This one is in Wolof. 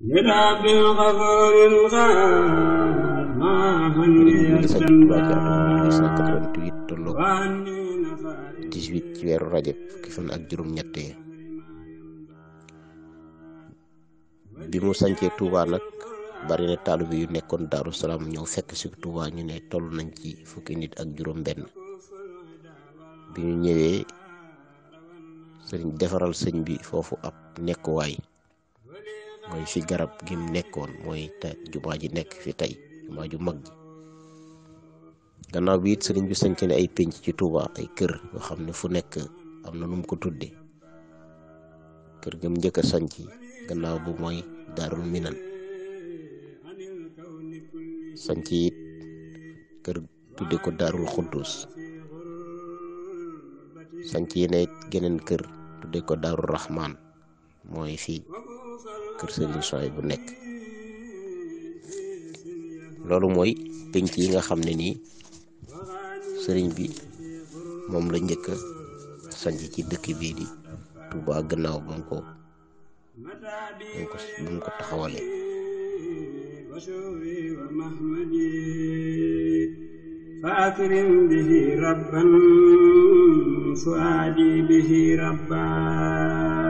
لرب الغفور dix ci weeru rajab ak juróom ñett yi bi mu sancee Touba nag bari na bi yu nekkoon Daaru Salaam ñëw fekk si Touba ñu ne toll nañ ci fukki nit ak juróom benn bi ñu ñëwee sëriñ defaral sëñ bi foofu ab nekkuwaay mooy fi garab gi mu nekkoon mooy te jumaa ji nekk fi tey jumaa ju mag ji gannaaw bi it sëriñ bi sanc ne ay pénc ci Touba ay kër yoo xam ne fu nekk am na nu ko tudde kër gi mu njëkk a sanc gannaaw bu mooy daarul minan sanc it kër tudde ko daarul xuddus sanc geneen kër ko daarul rahman mooy fi kër Serigne soye bu nek loolu moy penc yi nga xam ni serigne bi mom la ñëk sanji ci dëkk bi di Touba gannaaw ba ko ba ko taxawalee فأكرم به ربا فؤادي به ربا